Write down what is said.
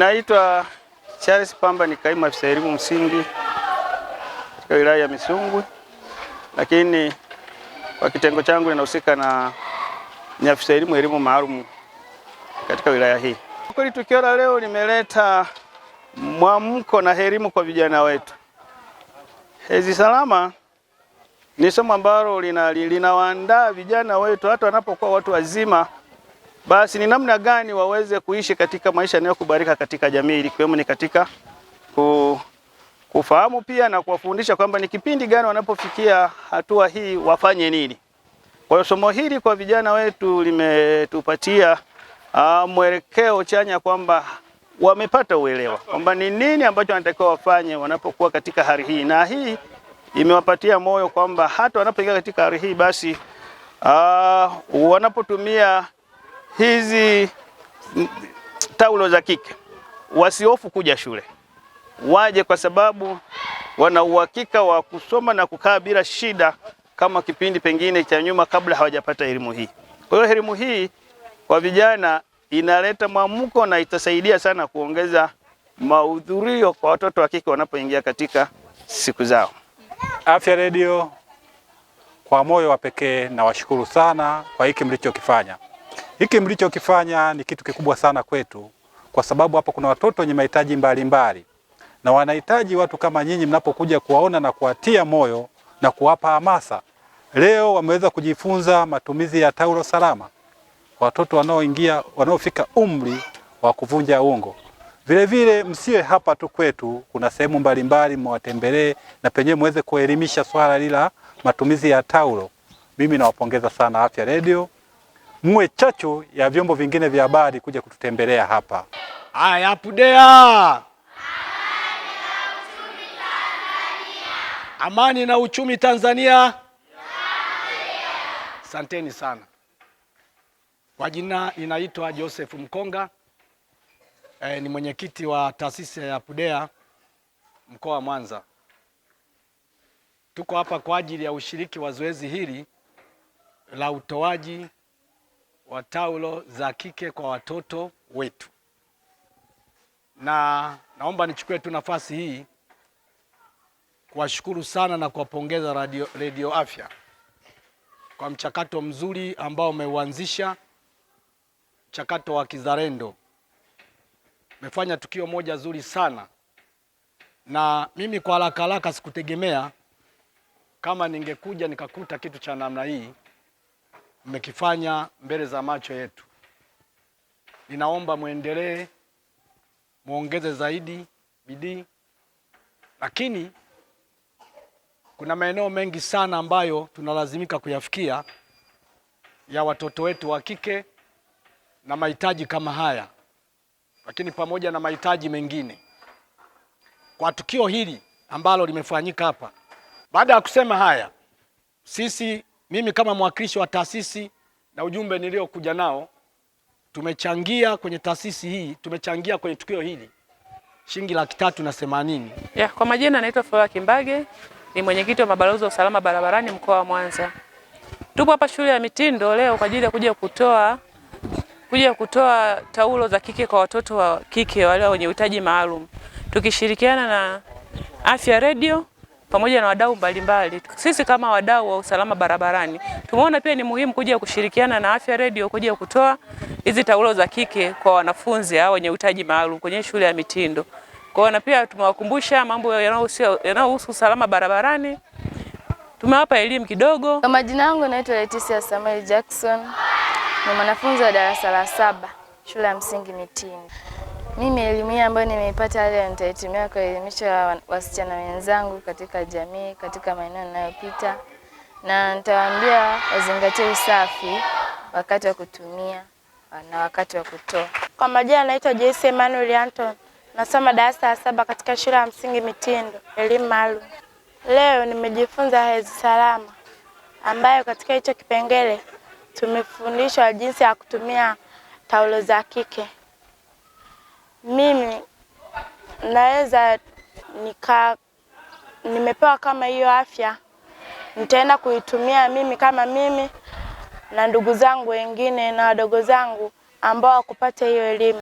Ninaitwa Charles Pamba ni kaimu afisa elimu msingi katika wilaya ya Misungwi, lakini kwa kitengo changu ninahusika na ni afisa elimu elimu maalum katika wilaya hii. Kwa kweli tukio la leo limeleta mwamko na elimu kwa vijana wetu. Hezi Salama ni somo ambalo linawaandaa lina vijana wetu hata wanapokuwa watu wazima basi ni namna gani waweze kuishi katika maisha yanayokubalika katika jamii, ikiwemo ni katika ku, kufahamu pia na kuwafundisha kwamba ni kipindi gani wanapofikia hatua hii wafanye nini. Kwa hiyo somo hili kwa vijana wetu limetupatia uh, mwelekeo chanya kwamba wamepata uelewa kwamba ni nini ambacho wanatakiwa wafanye wanapokuwa katika hali hii, na hii imewapatia moyo kwamba hata wanapoingia katika hali hii basi uh, wanapotumia hizi taulo za kike wasiofu kuja shule, waje kwa sababu wana uhakika wa kusoma na kukaa bila shida, kama kipindi pengine cha nyuma kabla hawajapata elimu hii. Kwa hiyo elimu hii kwa vijana inaleta mwamko na itasaidia sana kuongeza mahudhurio kwa watoto wa kike wanapoingia katika siku zao. Afya Redio, kwa moyo wa pekee na washukuru sana kwa hiki mlichokifanya. Hiki mlichokifanya ni kitu kikubwa sana kwetu, kwa sababu hapa kuna watoto wenye mahitaji mbalimbali na wanahitaji watu kama nyinyi mnapokuja kuwaona na kuwatia moyo na kuwapa hamasa. Leo wameweza kujifunza matumizi ya taulo salama, watoto wanaoingia wanaofika umri wa kuvunja ungo. Vilevile msiwe hapa tu kwetu, kuna sehemu mbalimbali mwatembelee na penyewe muweze kuelimisha swala lila matumizi ya taulo. Mimi nawapongeza sana Afya Radio mwe chachu ya vyombo vingine vya habari kuja kututembelea hapa. Ayapudea, amani na uchumi Tanzania. Asanteni sana. Kwa jina inaitwa Joseph Mkonga. E, ni mwenyekiti wa taasisi ya Pudea mkoa wa Mwanza. Tuko hapa kwa ajili ya ushiriki wa zoezi hili la utoaji wa taulo za kike kwa watoto wetu, na naomba nichukue tu nafasi hii kuwashukuru sana na kuwapongeza Radio, Radio Afya kwa mchakato mzuri ambao umeuanzisha, mchakato wa kizalendo. Umefanya tukio moja zuri sana, na mimi kwa haraka haraka sikutegemea kama ningekuja nikakuta kitu cha namna hii mmekifanya mbele za macho yetu. Ninaomba mwendelee, muongeze zaidi bidii, lakini kuna maeneo mengi sana ambayo tunalazimika kuyafikia ya watoto wetu wa kike na mahitaji kama haya, lakini pamoja na mahitaji mengine. Kwa tukio hili ambalo limefanyika hapa, baada ya kusema haya, sisi mimi kama mwakilishi wa taasisi na ujumbe niliokuja nao, tumechangia kwenye taasisi hii, tumechangia kwenye tukio hili shilingi laki tatu na themanini. Yeah, kwa majina anaitwa Flora Kimbage, ni mwenyekiti wa mabalozi wa usalama barabarani mkoa wa Mwanza. Tupo hapa shule ya Mitindo leo kwa ajili ya kuja kutoa kuja kutoa taulo za kike kwa watoto wa kike wale wenye uhitaji maalum, tukishirikiana na Afya Radio pamoja na wadau mbalimbali. Sisi kama wadau wa usalama barabarani tumeona pia ni muhimu kuja kushirikiana na Afya Radio kuja kutoa hizi taulo za kike kwa wanafunzi hao wenye uhitaji maalum kwenye shule ya mitindo. Kwa hiyo na pia tumewakumbusha mambo yanayohusu usalama barabarani, tumewapa elimu kidogo. Majina yangu naitwa Leticia Samuel Jackson, ni mwanafunzi wa darasa la saba shule ya msingi mitindo mimi elimu hii ambayo nimeipata leo nitaitumia kuelimisha wasichana wenzangu katika jamii, katika maeneo ninayopita, na nitawaambia wazingatie usafi wakati wa kutumia na wakati wa kutoa. Kwa majina naitwa Jesse Emmanuel Anton, nasoma darasa la saba katika shule ya msingi Mitindo, elimu maalum. Leo nimejifunza hedhi salama, ambayo katika hicho kipengele tumefundishwa jinsi ya kutumia taulo za kike mimi naweza nika nimepewa kama hiyo afya, nitaenda kuitumia mimi kama mimi na ndugu zangu wengine na wadogo zangu ambao wakupata hiyo elimu.